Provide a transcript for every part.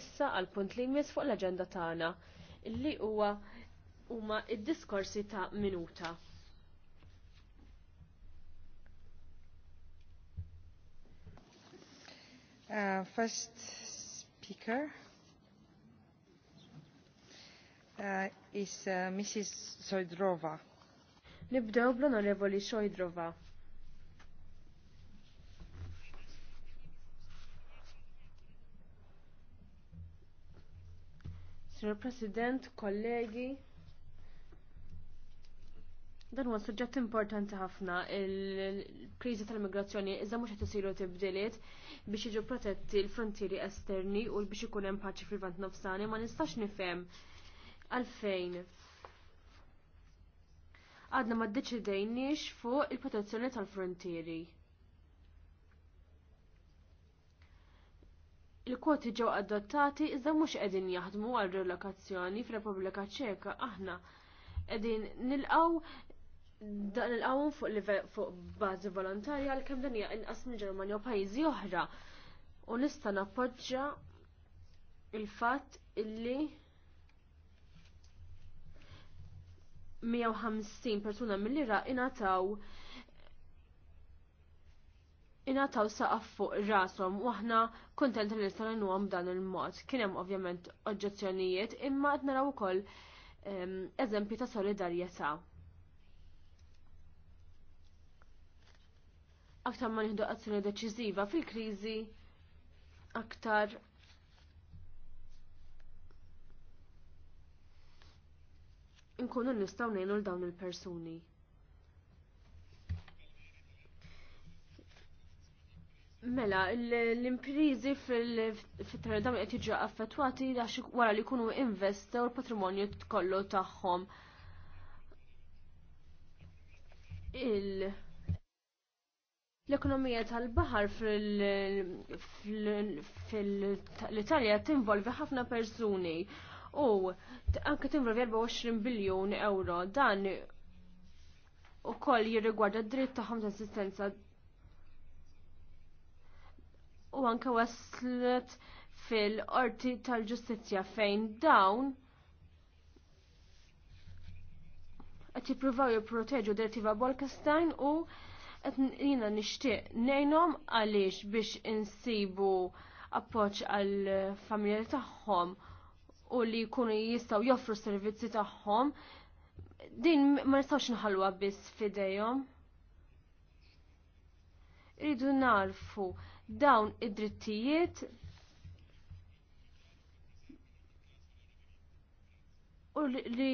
issa għal punt li jmiss fuq l-aġenda tagħna li huwa huma id-diskorsi ta' minuta. Uh, first speaker uh, is uh, Mrs. Sojdrova. Nibdew bl-Onorevoli Sojdrova. Sir President, kollegi, dan huwa suġġett importanti ħafna il-kriżi tal-migrazzjoni iżda mhux qed isiru tibdiliet biex jiġu protetti l-frontieri esterni u biex ikun hemm paċi fil-vant nofsani ma nistax nifhem għalfejn. Għadna ma ddeċidejniex fuq il-protezzjoni tal-frontieri. Il-kwoti ġew adottati iżda mhux qegħdin jaħdmu għal relokazzjoni fir-Repubblika Ċeka aħna qegħdin nilqgħu dan il-qawm fuq fuq bażi volontarja għal kemm dan hija inqas minn Ġermanja u pajjiżi oħra. U nista' nappoġġja il-fatt illi 150 persuna mill-Iraq ingħataw inataw saqaf fuq rasom u aħna kontent li nistaw dan il-mod. Kien hemm ovvjament oġġezzjonijiet imma qed naraw ukoll ehm, eżempji ta' solidarjetà. Aktar ma nieħdu azzjoni deċiżiva fil-kriżi aktar inkunu nistgħu nejnu l dawn il-persuni. Mela, l-imprizi fil-fittara qed jiġu affettwati għax wara li jkunu investew l-patrimonju kollu tagħhom. Il- L-ekonomija tal-bahar fil-Italja tinvolvi ħafna persuni u anke tinvolvi 24 biljon euro dan u koll jirrigwarda dritt ta' assistenza u anka waslet fil-qorti tal-ġustizzja fejn dawn qed jippruvaw jipproteġu direttiva Bolkestein u qed jiena nixtieq ngħinhom għaliex biex insibu appoġġ għall familjari tagħhom u li jkunu jistgħu joffru s servizzi tagħhom din ma nistgħux nħallwa biss f'idejhom. Iridu narfu dawn id-drittijiet u li,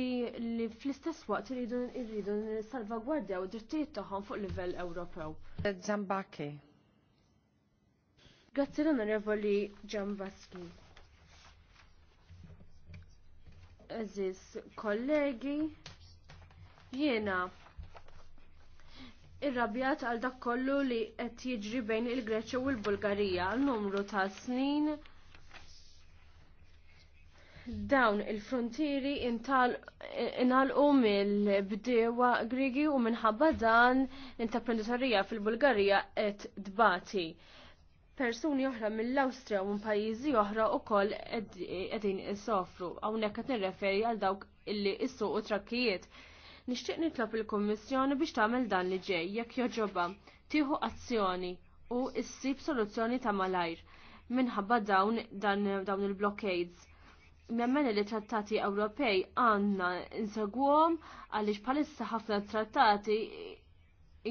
fl-istess waqt rridu rridu salvagwardjaw id-drittijiet tagħhom fuq livell Ewropew. Zambaki. Grazzi l-Onorevoli Ġambaski. Aziz kollegi, jiena irrabjat għal dak kollu li qed jiġri bejn il-Greċja u l-Bulgarija għal numru ta' snin dawn il-frontieri inħalqu mill-bdewa Grigi u minħabba dan l-intraprenditorija fil-Bulgarija qed dbati. Persuni oħra mill-Awstrija u minn pajjiżi oħra wkoll qegħdin isofru hawnhekk qed nirreferi għal dawk illi issuqu trakkijiet Nixtieq nitlob il-Kummissjoni biex tagħmel dan li ġej jekk joġoba tieħu azzjoni u issib soluzzjoni ta' malajr minħabba dawn dawn il-blockades. Memmen li trattati Ewropej għandna insegwhom għaliex bħalissa ħafna trattati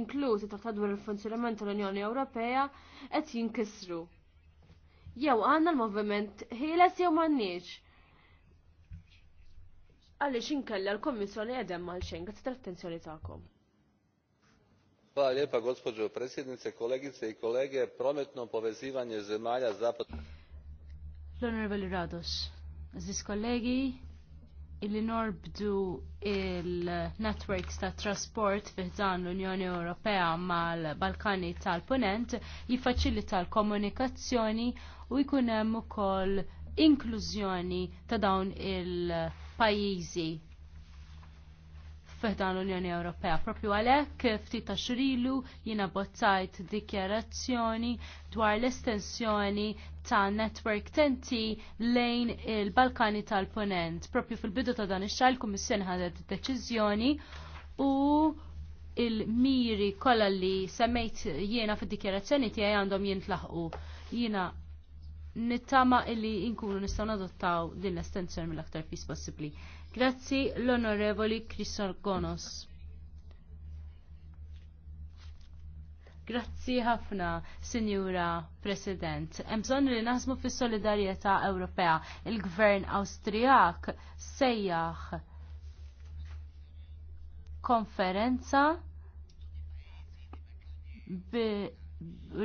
inklużi trattat dwar il-funzjonament tal-Unjoni Ewropea qed jinkisru. Jew għandna l-moviment ħieles jew m'għandniex għaliex inkella l-Kommissjoni għedem mal xejn għat t attenzjoni tagħkom. Hvala lijepa gospođo predsjednice, kolegice i kolege, prometno povezivanje zemalja zapad... l Rados, ziz kollegi, illi norbdu il-networks ta' trasport fiħdan l-Unjoni Ewropea mal-Balkani tal-Ponent jiffaċilita l-komunikazzjoni u jkun hemm ukoll inklużjoni ta' dawn il- pajjiżi f'dan l-Unjoni Ewropea. Propju għalhekk ftit ta' xrilu jiena bozzajt dikjarazzjoni dwar l-estensjoni ta' network tenti lejn il-Balkani tal-Ponent. Propju fil-bidu ta' dan ix-xahar il-Kummissjoni ħadet deċiżjoni u il-miri kollha li semmejt jiena fid-dikjarazzjoni tiegħi għandhom jintlaħqu. Jiena nittama illi inkunu nistaw nadottaw din l-estenzjoni mill-aktar fis possibli. Grazzi l-onorevoli Krisor Gonos. Grazzi ħafna, Sinjura President. Emżon li naħsmu fis solidarjetà Ewropea. Il-Gvern Awstrijak sejjaħ konferenza bi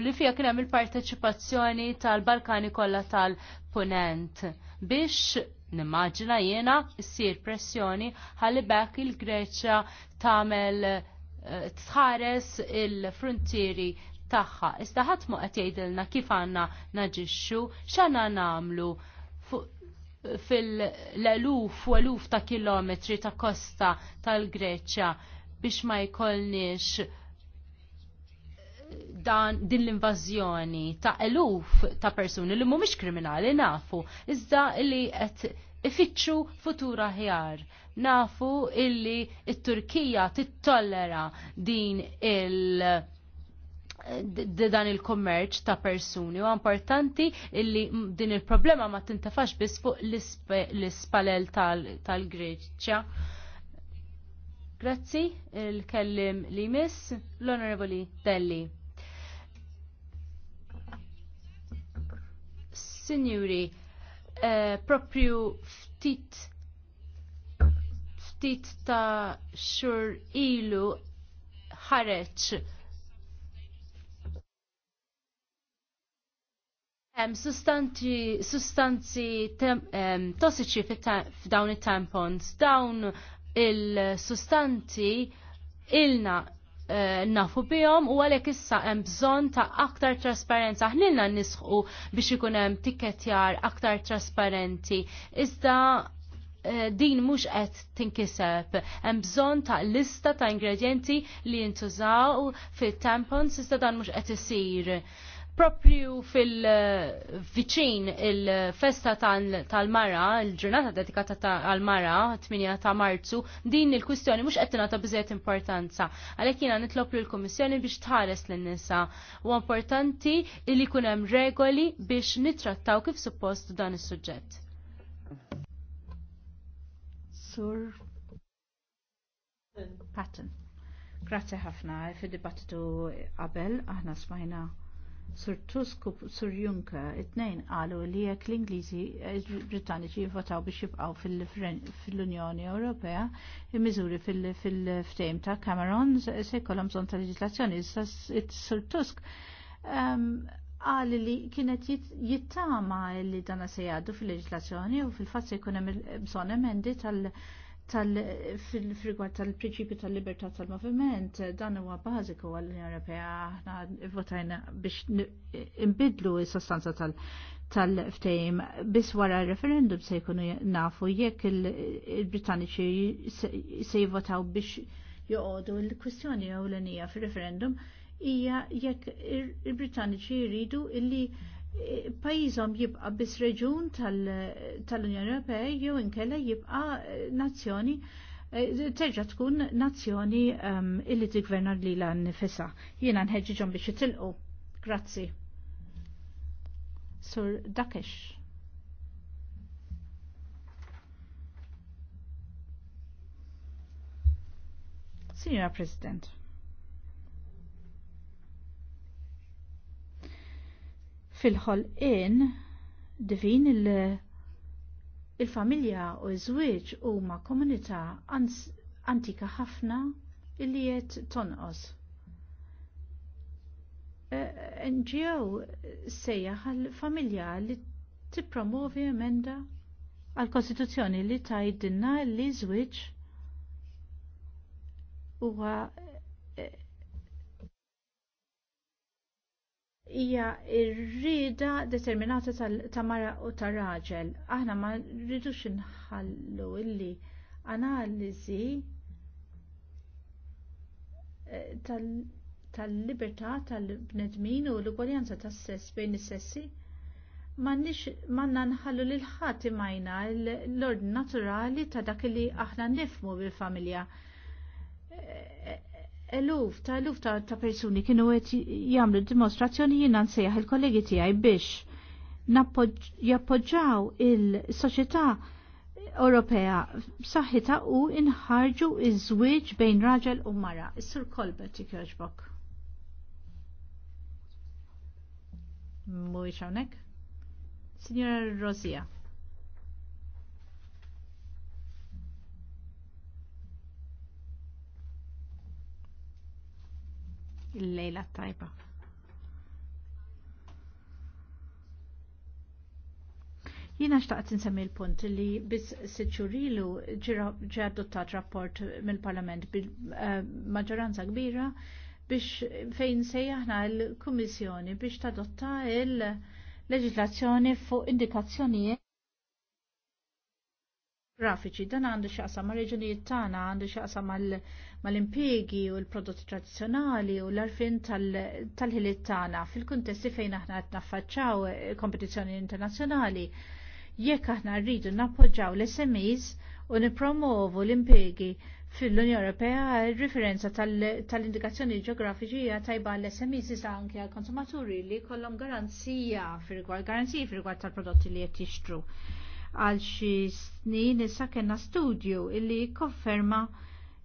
li fija kienem hemm il-parteċipazzjoni tal-Balkani kollha tal-Punent biex nimmaġina jiena ssir pressjoni ħalli bekk il-Greċja tagħmel eh, tħares il-frontieri tagħha. Iżda ħadd ma qed jgħidilna kif għandna naġixxu, x'għandna nagħmlu fil-eluf u eluf ta' kilometri ta' kosta tal-Greċja biex ma jkollniex dan din l-invażjoni ta' eluf ta' persuni li mhumiex kriminali nafu, iżda li qed ifittxu futura ħjar. Nafu illi it-Turkija tittollera din il- dan il-kommerċ ta' persuni u importanti illi din il-problema ma tintafax biss fuq l-ispalel tal-Greċja. Grazzi, il-kellim li miss l-Onorevoli Delli. Sinjuri, eh, propju ftit ftit ta' xur ilu ħareċ. Hemm sustanzi, sustanzi tossiċi f'dawn it-tampons. Dawn il-sustanzi ilna Eh, nafu bihom u għalhekk issa hemm bżonn ta' aktar trasparenza. Ħnilna nisħu biex ikun hemm tikketjar aktar trasparenti. Iżda eh, din mhux qed tinkiseb. Hemm bżonn ta' lista ta' ingredienti li jintużaw fit-tampons iżda dan mhux qed isir propju fil-viċin eh, il-festa tal-mara, il-ġurnata dedikata tal-mara, 8 ta' marzu, din il-kwistjoni mux għettina ta' bizziet importanza. Għalekina jina nitlop l-Komissjoni biex tħares l-nisa. U importanti li kunem regoli biex nitrattaw kif suppost dan is suġġett Sur Patton. Grazie ħafna, fil dibattitu qabel aħna smajna Sur Tusk u Sur Juncker, it-nejn qalu li jekk l-Ingliżi Britanniċi jivvotaw biex jibqgħu fil-Unjoni Ewropea, il-miżuri fil-ftejm ta' Cameron se jkollhom bżonn ta' leġislazzjoni. Sur Tusk ehm, qal li kienet jittama li dana se jgħaddu fil-leġislazzjoni u fil-fatt se jkun hemm bżonn emendi tal- fil-rigward tal-prinċipju tal-libertà tal-moviment, dan huwa bażiku għall-Unjoni Ewropea aħna votajna biex imbidlu s-sostanza tal ftejm biss wara referendum se jkunu nafu jekk il-Britanniċi se jivvotaw biex joqogħdu l-kwistjoni ewlenija fir-referendum hija jekk il-Britanniċi jridu illi pajizom jibqa biss reġun tal-Unjoni tal Ewropea jew inkella jibqa eh, nazzjoni eh, terġa tkun nazzjoni um, illi tigverna li l nifisa. Jiena nħeġġiġhom biex jitilqu. Grazzi. Sur Dakesh. Signora President. Fil-ħolqien divin il-familja u ż-żwieġ huma komunità antika ħafna illi qed tonqos. E, NGO sejja għal-familja li tippromovi emenda għal-Kostituzzjoni li tajdinna li żwieġ huwa hija rrida determinata ta' mara u ta' raġel. Aħna ma rridux inħallu illi analiżi eh, tal-libertà tal-bnedmin u l-ugwaljanza tas-sess bejn is-sessi manna nħallu lil ħadd imajna l-ord naturali ta' dak li aħna nifmu bil-familja eluf ta' eluf ta', ta persuni kienu għet jamlu dimostrazzjoni jina nsejjaħ il-kollegi tijaj biex jappoġġaw il-soċieta Ewropea b'saħħitha u inħarġu iż-żwieġ bejn raġel u mara. Is-Sur Kolbert ikjoġbok. Mhuwiex hawnhekk? Signora Rosia. il-lejla tajba. Jina xtaqt nsemmi l-punt li bis seċurilu ġi adottat rapport mill-Parlament bil-maġġoranza eh, kbira biex fejn sejjaħna l-Kummissjoni biex tadotta il-leġislazzjoni fuq indikazzjonijiet grafiċi. Dan għandu xaqsam ma' reġunijiet tagħna, għandu xaqsam mal-impjegi u l-prodotti tradizzjonali u l-arfin tal-ħiliet tagħna fil-kuntesti fejn aħna qed naffaċċaw eh, kompetizzjoni internazzjonali. Jekk aħna rridu nappoġġaw l-SMEs u nipromovu l-impjegi fil-Unjoni Ewropea il-riferenza tal-indikazzjoni ġeografiċi hija tajba l-SMEs iżda anke għall-konsumaturi li jkollhom garanzija fir-rigward fir-rigward tal-prodotti li qed jixtru għal xi snin issa kellna studju illi konferma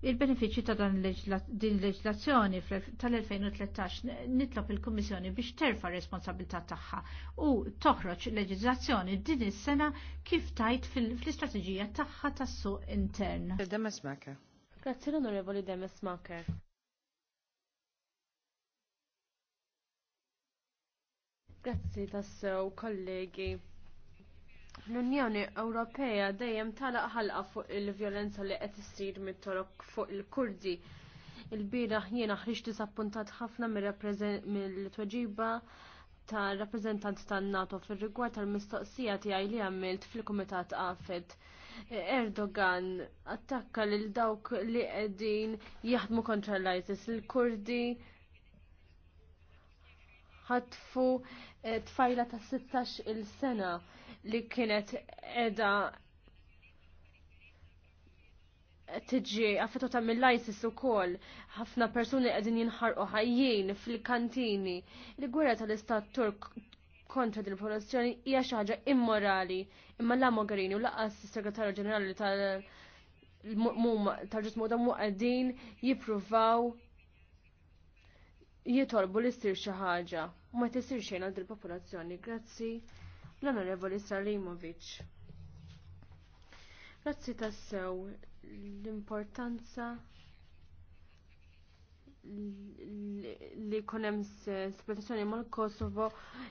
il-benefiċi ta' dan din leġlazzjoni tal-2013 nitlob il-Kommissjoni biex terfa' responsabilità tagħha u toħroġ leġislazzjoni din is-sena kif tajt fl-istrateġija tagħha tas-suq intern. Demes Maker. Grazzi l-Onorevoli Demes Maker. Grazzi tas-sew kollegi. L-Unjoni Ewropea dejjem talaq ħalqa fuq il-vjolenza li qed issir mit-torok fuq il-Kurdi. Il-bira jiena ħriġ disappuntat ħafna mill-tweġiba ta' rappreżentant tan-NATO fir-rigward tal-mistoqsija tiegħi li għamilt fil-Kumitat Qafed. Erdogan attakka lil dawk li qegħdin jaħdmu kontra l-ISIS il-Kurdi ħatfu eh, tfajla ta' 16 il-sena li kienet edha tiġi affettata mill-ISIS u kol, ħafna persuni għedin jinħarqu ħajjien fil-kantini. li gwerra tal-Istat Turk kontra din il-popolazzjoni hija xi ħaġa immorali, imma la Mogherini u laqas is-Segretarju Ġenerali tal- tal-ġus moda jippruvaw jitolbu li ssir xi ħaġa. Ma tisir xejn għal din il-popolazzjoni. Grazzi l-Onorevoli Salimovic. Grazzi tassew l-importanza li konem separazzjoni mal kosovo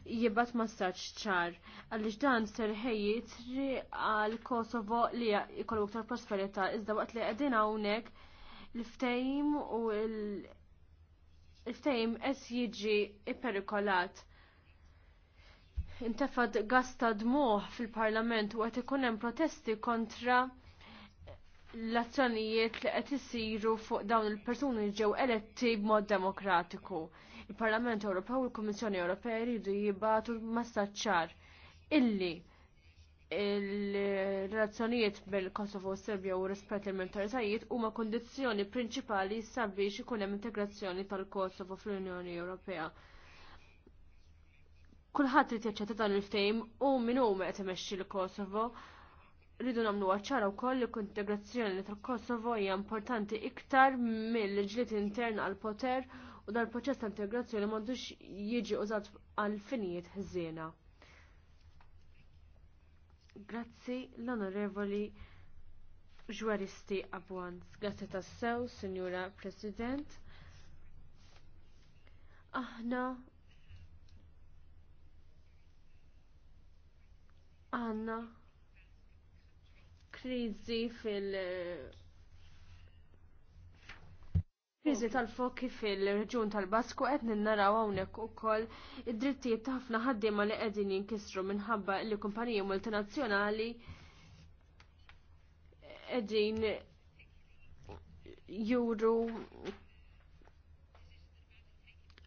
jibbat massaċ ċar. Għalix dan serħeji tri għal Kosovo li jikollu ktar prosperita, Iżda waqt li għedina għawnek l-ftejm u l-ftejm es jiġi iperikolat intefad gasta dmuħ fil-parlament u għet ikun hemm protesti kontra l-azzjonijiet li qed isiru fuq dawn il-persuni ġew eletti b'mod demokratiku. Il-Parlament Ewropew u l-Kummissjoni Ewropea jridu jibatu massaċċar illi il-relazzjonijiet bil-Kosovo u Serbja u rispett il-mentalitajiet huma kondizzjoni prinċipali sabiex ikun hemm integrazzjoni tal-Kosovo fl-Unjoni Ewropea. Kulħadd trid jaċċetta dan il-ftehim u minn hu qed imexxi l-Kosovo. Rridu nagħmlu ċara wkoll li integrazzjoni tal-Kosovo hija importanti iktar mill-ġlied intern għal poter u dan proċess ta' integrazzjoni m'għandux jiġi użat għal finijiet ħżiena. Grazzi l-Onorevoli Ġwaristi Abwans. Grazzi tas-sew, Sinjura President. Aħna għanna krizi fil- Kriżi tal-fokki fil-reġun tal-Basku qed ninnaraw hawnhekk ukoll id-drittijiet ta' ħafna ħaddiema li qegħdin jinkisru minħabba li kumpaniji multinazzjonali qegħdin juru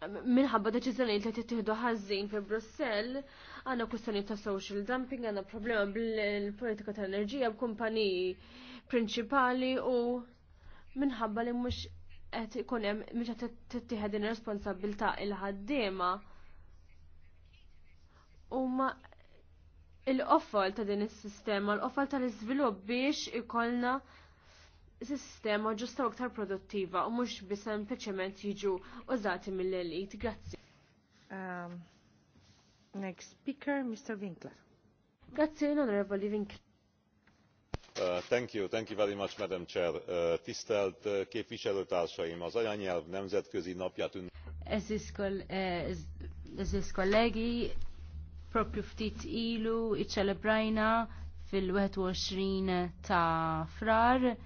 minħabba deċiżjonijiet li qed tittieħdu ħażin fi Brussell, għandna kwistjoni ta' social dumping, għandna problema bil-politika ta' enerġija b'kumpaniji prinċipali u minħabba li mhux qed ikun hemm mhux qed tittieħed ir responsabilità il-ħaddiema. Huma l offol ta' din is-sistema, l-offol tal-iżvilupp biex ikollna sistema ġusta u aktar produttiva u mux bi sempliciment jiġu użati mill-elit. Grazzi. Um, next speaker, Mr. Winkler. Grazzi, l-Onorevoli Winkler. Uh, thank you, thank you very much, Madam Chair. Uh, tisztelt uh, képviselőtársaim, az anyanyelv nemzetközi napja tűnik. Ez eh, is kollégi, propju ftit ilu, iċċelebrajna fil-21 ta' frar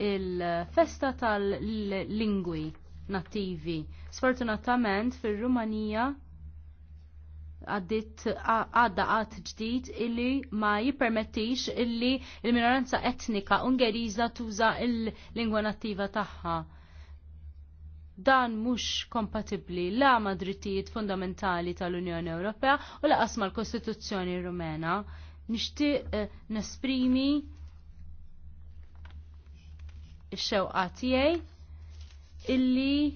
il-festa tal-lingwi nattivi. Sfortunatament fir-Rumanija għaddit għadda għad ġdid illi ma jippermettix illi il-minoranza etnika ungeriza tuża il-lingwa nattiva tagħha. Dan mhux kompatibbli la ma drittijiet fundamentali tal-Unjoni Ewropea u laqas mal-Kostituzzjoni Rumena. Nixtieq eh, nesprimi ix-xewqa tiegħi illi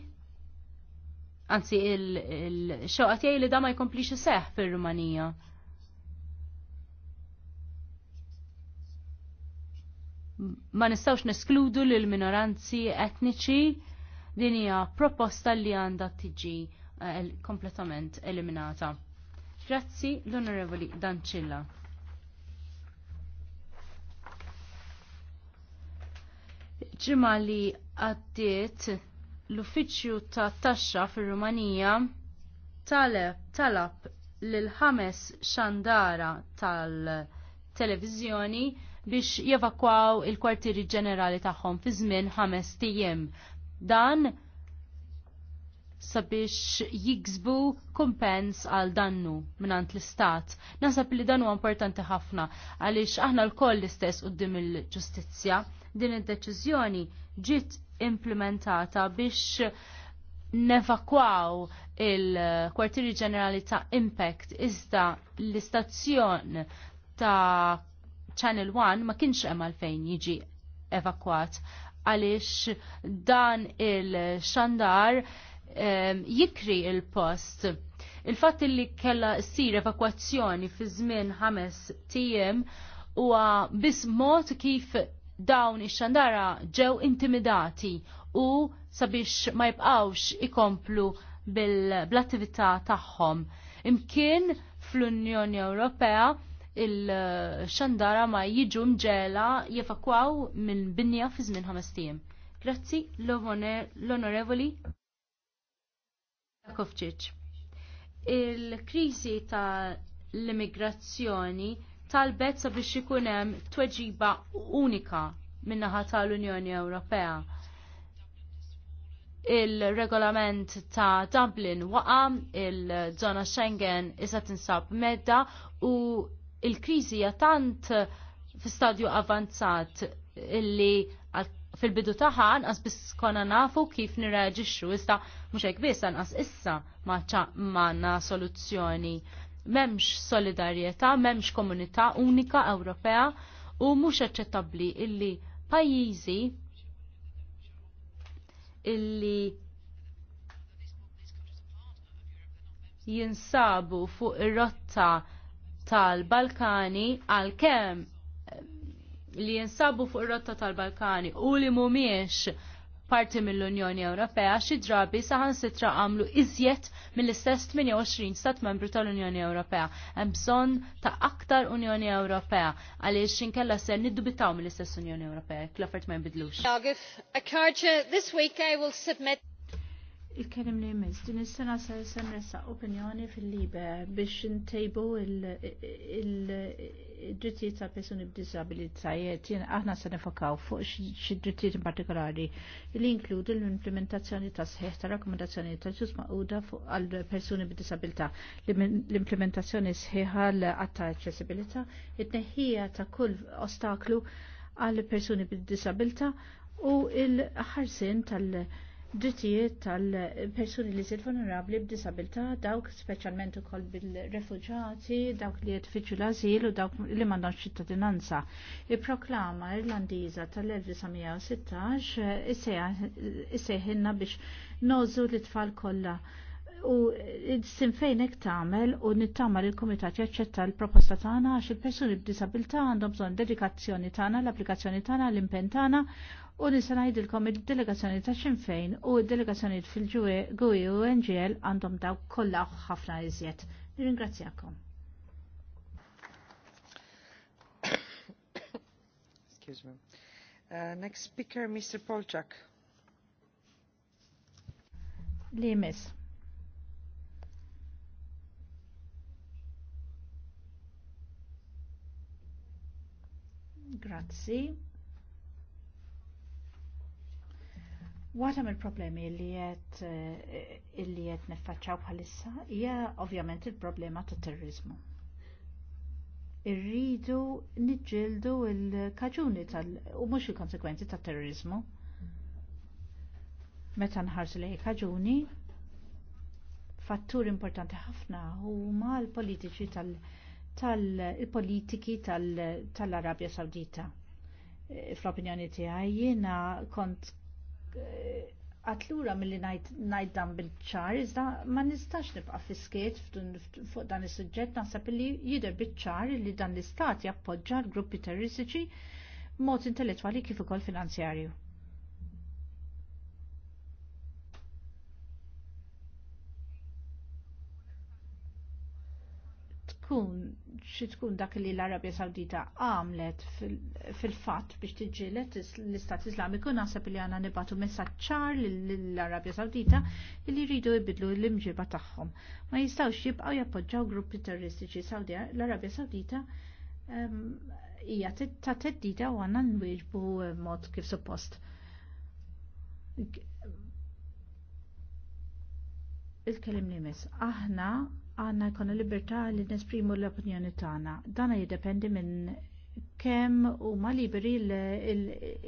anzi il-xewqa tiegħi li da ma jkomplix seħ fir-Rumanija. Ma nistawx neskludu lil minoranzi etniċi din hija proposta li għandha tiġi eh, kompletament eliminata. Grazzi l-Onorevoli Dancilla. Ġimma li għaddiet l-uffiċċju ta' taxxa fir-Rumanija talab talab lil ħames xandara tal-televiżjoni biex jevakwaw il-kwartieri ġenerali tagħhom fi żmien ħames tiem. Dan sabiex jiksbu kumpens għal dannu minnant l-istat. Nasab li dan huwa importanti ħafna għaliex aħna l-koll l-istess d-dim il-ġustizzja din id-deċiżjoni ġiet implementata biex nevakwaw il-kwartieri ġenerali ta' Impact iżda l-istazzjon ta' Channel 1 ma kienx hemm għalfejn jiġi evakwat għaliex dan il-xandar ehm, jikri il-post. Il-fatt li kella sir evakwazzjoni fi żmien ħames tiem huwa biss mod kif dawn ix-xandara ġew intimidati u sabiex ma jibqawx ikomplu bil-attività tagħhom. Imkien fl-Unjoni Ewropea il-xandara ma jiġu mġela jefakwaw minn binja fi żmien ħames tiem. Grazzi l-onorevoli Jakovčić. Il-kriżi tal-immigrazzjoni talbet sabiex ikun hemm tweġiba unika min-naħa tal-Unjoni Ewropea. Il-regolament ta' Dublin waqa, il-żona Schengen issa tinsab medda u il-kriżi hija tant fi stadju avanzat illi fil-bidu taħħa anqas biss konna nafu kif nirreġixxu issa mhux hekk biss anqas issa ma manna soluzzjoni. Memx solidarjetà, memx komunità unika Ewropea u mhux aċċettabbli illi pajjiżi illi jinsabu fuq ir-rotta tal-Balkani għal kemm li jinsabu fuq ir-rotta tal-Balkani u li mhumiex parti mill-Unjoni Ewropea xi drabi saħan sitra għamlu iżjed mill-istess 28 stat membru tal-Unjoni Ewropea. Hemm bżonn ta' aktar Unjoni Ewropea għaliex inkella se niddubitaw mill-istess Unjoni Ewropea. Klaffert ma jinbidlux. this week I will submit il-kelim li jmiss, din is-sena se semressa opinjoni fil-libe biex ntejbu il-drittijiet ta' persuni b'disabilitajiet. Aħna se nifokaw fuq xi drittijiet partikolari li jinkludu l-implementazzjoni ta' sħiħ ta' rakkomandazzjoni ta' ġus maquda fuq għal persuni b'disabilità, l-implementazzjoni sħiħa l-għatta accessibilità, it neħija ta' kull ostaklu għal persuni b'disabilità u il-ħarsin tal- drittijiet tal-persuni li sir vulnerabli b'disabilità, dawk speċjalment ukoll bil-refuġati, dawk li jitfiċu l-azil u dawk li m'għandhomx ċittadinanza. Il-proklama irlandiża tal-1916 issejħinna biex nożu l tfal kollha u sinfejn hekk tagħmel u nittamel il-Kumitat jaċċetta l-proposta tagħna għax il-persuni b'disabilità għandhom bżonn dedikazzjoni tagħna, l-applikazzjoni tagħna, l-impenn tagħna U nisa ngħidilkom il-delegazzjoni ta' Sinn u il delegazzjoni fil-ġuwi u NGL għandhom daw kollha ħafna iżjed. Nirringrazzjakom. Excuse me. Uh, next speaker, Mr. Polchak. Limes. Grazie. Grazzi. Waħda mill problemi li qed eh, li qed niffaċċaw bħalissa hija ovvjament il-problema ta' terrorizmu. Irridu niġġieldu l-kaġuni tal- u mhux il-konsekwenzi tat terrorizmu. Meta nħarsu lejn kaġuni, fattur importanti ħafna huma l-politiċi tal-politiki tal, tal, tal arabja Sawdita. Eh, fl-opinjoni tiegħi jiena kont għatlura mill-li najt dan bil-ċar, iżda ma nistax nibqa fiskiet fuq dan is-suġġett naħseb li jider bil-ċar li dan l-istat jappoġġa l-gruppi terroristiċi mod intellettwali kif ukoll finanzjarju tkun xi tkun dak li l-Arabja Sawdita għamlet fil-fatt biex tiġi l-Istat Islamiku naħseb li għandna nibatu messaġġ ċar lill-Arabja Sawdita li jridu jbidlu l-imġiba tagħhom. Ma jistgħux jibqgħu jappoġġaw gruppi terroristiċi Sawdija l-Arabja Sawdita ehm, hija ta' teddita u għandna nwieġbu mod kif suppost. Il-kelim li Aħna għanna jkun libertà li nesprimu l-opinjoni tagħna. Dana jiddependi minn kemm huma liberi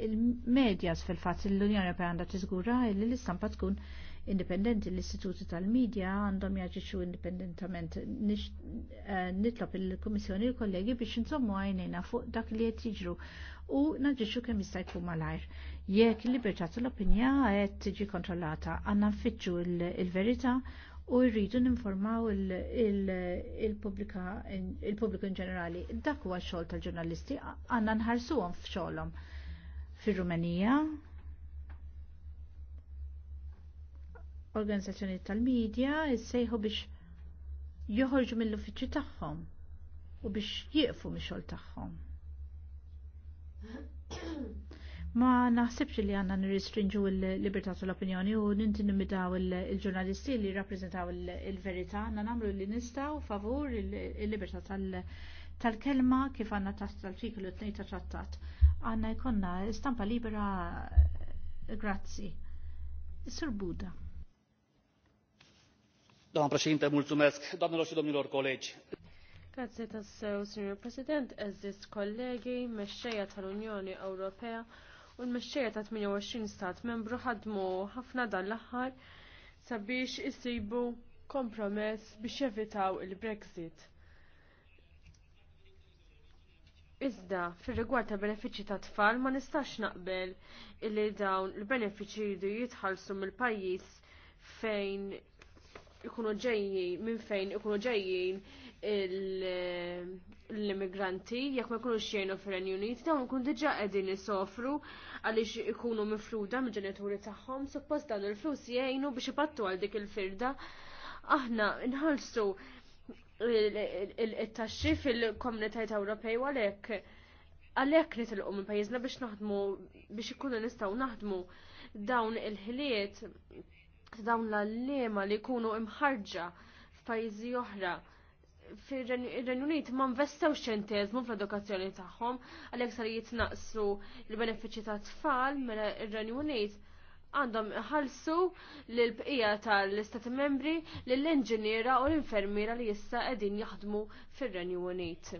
il-medjas fil-fatt l-Unjoni Ewropea għandha tiżgura li l-istampa tkun indipendenti l-istituti tal-medja għandhom jaġixxu indipendentament. Eh, nitlob il-Kummissjoni u l-kollegi biex insommu għajnejna fuq dak li qed jiġru u naġixxu kemm jista' jkun malajr. Jekk il-libertà tal-opinja qed tiġi kontrollata, għandna nfittxu il-verità u rridu ninformaw il-pubbliku in ġenerali. Dak huwa xogħol tal-ġurnalisti għandna nħarsuhom f'xogħolhom fir-Rumenija. Organizzazzjoni tal-medja issejħu biex joħorġu mill-uffiċċju tagħhom u biex jieqfu mix-xogħol tagħhom. Ma naħsibx li għanna nirrestringu l-libertà tal-opinjoni u nimidaw il-ġurnalisti li rappresentaw il-verità, na namlu li nistaw favur il-libertà tal-kelma kif għanna taħt tal artiklu 2 ta' trattat. Għanna jkonna stampa libera, grazzi. Sir Buda. Doamna mesk, mulțumesc. Doamnelor și domnilor colegi. Grazie tassew, signor President, eżist kollegi, meċċeja tal-Unjoni Ewropea u l-mexxejja ta' 28 stat membru ħadmu ħafna dan l-aħħar sabiex isibu kompromess biex jevitaw il-Brexit. Iżda, fil-rigward ta' benefiċi ta' tfal ma nistax naqbel illi dawn il-benefiċi jridu jitħallsu mill-pajjiż fejn ikunu ġejjin minn fejn ikunu ġejjin l-immigranti jekk ma jkunux xejn fir-Renju Unit dawn ikun diġà qegħdin jisofru għaliex ikunu mifluda mill-ġenituri tagħhom suppost dan il-flus jgħinu biex ipattu għal dik il-firda. Aħna nħallsu il-taxxi fil-komunitajiet Ewropej għalhekk għalhekk nitilqu minn pajjiżna biex naħdmu biex ikunu nistgħu naħdmu dawn il-ħiliet dawn l-allema li jkunu imħarġa f'pajjiżi oħra fil-Renju Unit ma investew xentezmu fl-edukazzjoni tagħhom għalhekk sar jitnaqsu l-benefiċċji ta' tfal mela ir-Renju Unit għandhom ħalsu l-bqija tal-Istati Membri lill-inġiniera u l-infermiera li issa qegħdin jaħdmu fir-Renju Unit.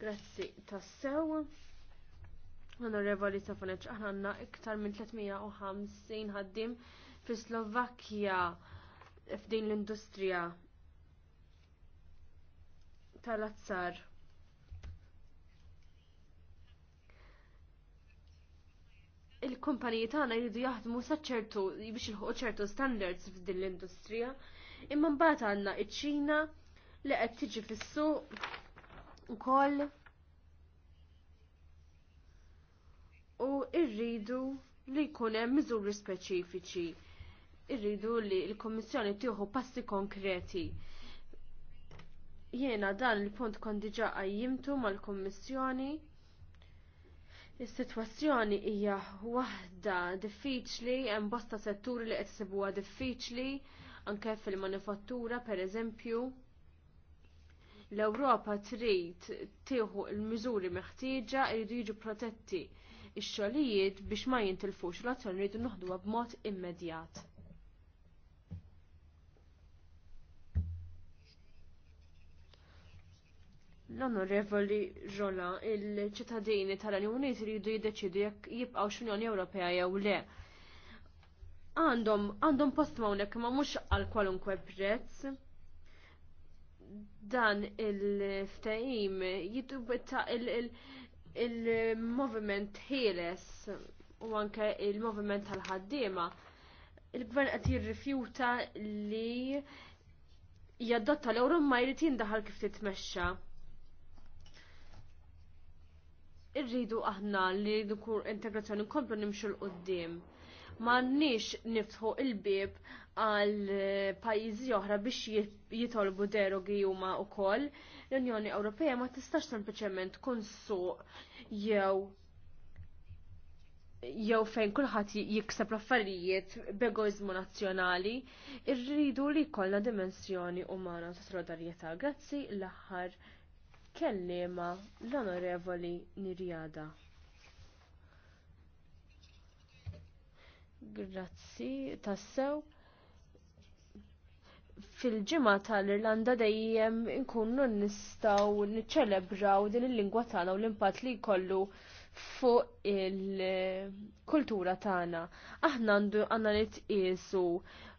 Grazzi tassew. Onorevoli Safoneċ, aħna għanna iktar minn 350 ħaddim fi Slovakkja f'din l-industrija tal-azzar. Il-kumpaniji tagħna jridu jaħdmu sa ċertu biex ilħuqu ċertu standards f'din l-industrija, imma mbagħad għandna iċ-Ċina li qed tiġi fis-suq ukoll u irridu li jkun hemm miżuri speċifiċi. Irridu li l-Kummissjoni tieħu passi konkreti. Jiena dan il-punt kont diġà qajjimtu mal-Kummissjoni. Is-sitwazzjoni hija waħda diffiċli, hemm bosta setturi li qed isibuha diffiċli, anke fil-manifattura pereżempju. L-Ewropa trid tieħu l-miżuri meħtieġa jridu jiġu protetti ix-xogħlijiet biex ma jintilfux l-azzjoni rridu noħduha b'mod immedjat. L-Onorevoli Rola, il-ċittadini tal-Unjoni jridu jiddeċidu jekk jibqgħu x'Unjoni Ewropea jew le. Għandhom għandhom post hawnhekk ma mhux għal kwalunkwe prezz dan il-ftajim jitubetta il- il-moviment ħieles u anke il-moviment tal-ħaddiema, il-gvern qed jirrifjuta li jaddotta l ewro ma jrid jindaħal kif titmexxa. Irridu aħna li nkun integrazzjoni nkomplu nimxu l-qoddim m'għandniex niftħu il-bib għal pajjiżi oħra biex jitolbu derogi huma wkoll. L-Unjoni Ewropea ma tistax sempliċement kun suq jew jew fejn kulħadd jikseb l-affarijiet b'egoizmu nazzjonali, irridu li jkollna dimensjoni umana ta' solidarjetà. Grazzi l-aħħar kellima l-onorevoli Nirjada. Grazzi, tassew. Fil-ġimgħa tal-Irlanda dejjem inkunu nistgħu niċċelebraw din il-lingwa tagħna u l-impatt li jkollu fuq il-kultura tagħna. Aħna għandu għandna nitqiesu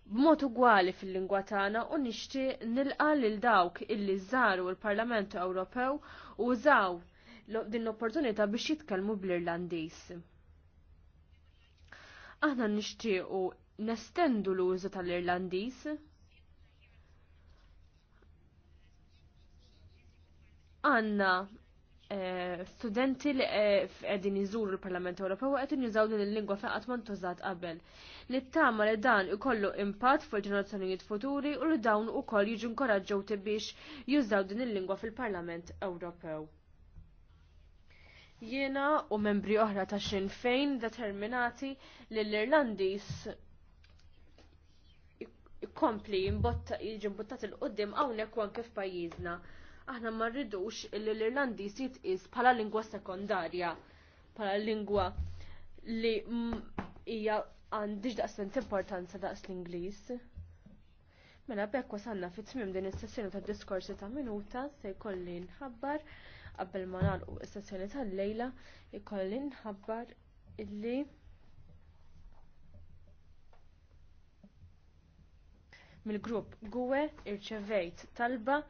b'mod ugwali fil-lingwa tagħna u nixtieq nilqa' lil dawk illi żaru l-Parlament Ewropew użaw din l-opportunità biex jitkellmu bl-Irlandiż. Aħna nixtiequ nestendu l-użu tal-Irlandiż. Għanna eh, studenti li eh, qegħdin iżuru l-Parlament Ewropew qed jużaw din il-lingwa fejn qatt ma ntużat qabel. Li ttama li dan ikollu impatt fuq il-ġenerazzjonijiet futuri u li dawn ukoll jiġu nkoraġġew biex jużaw din il-lingwa fil-Parlament Ewropew. Jiena u membri oħra ta' Sinn Fejn determinati li l-Irlandis ikompli jiġi mbottat il-qoddim hawnhekk u anke f'pajjiżna. Aħna ma rridux li l-Irlandis jitqis bħala lingwa sekondarja, bħala lingwa li hija għandix daqstant importanza daqs l-Ingliż. Mela bekk wasanna fit-tmim din is-sessjoni tad diskorsi ta' minuta se jkolli nħabbar. Qabel ma nagħlqu is-sessjoni tal-lejla ikolli nħabbar illi mill-grupp Gwe irċevejt talba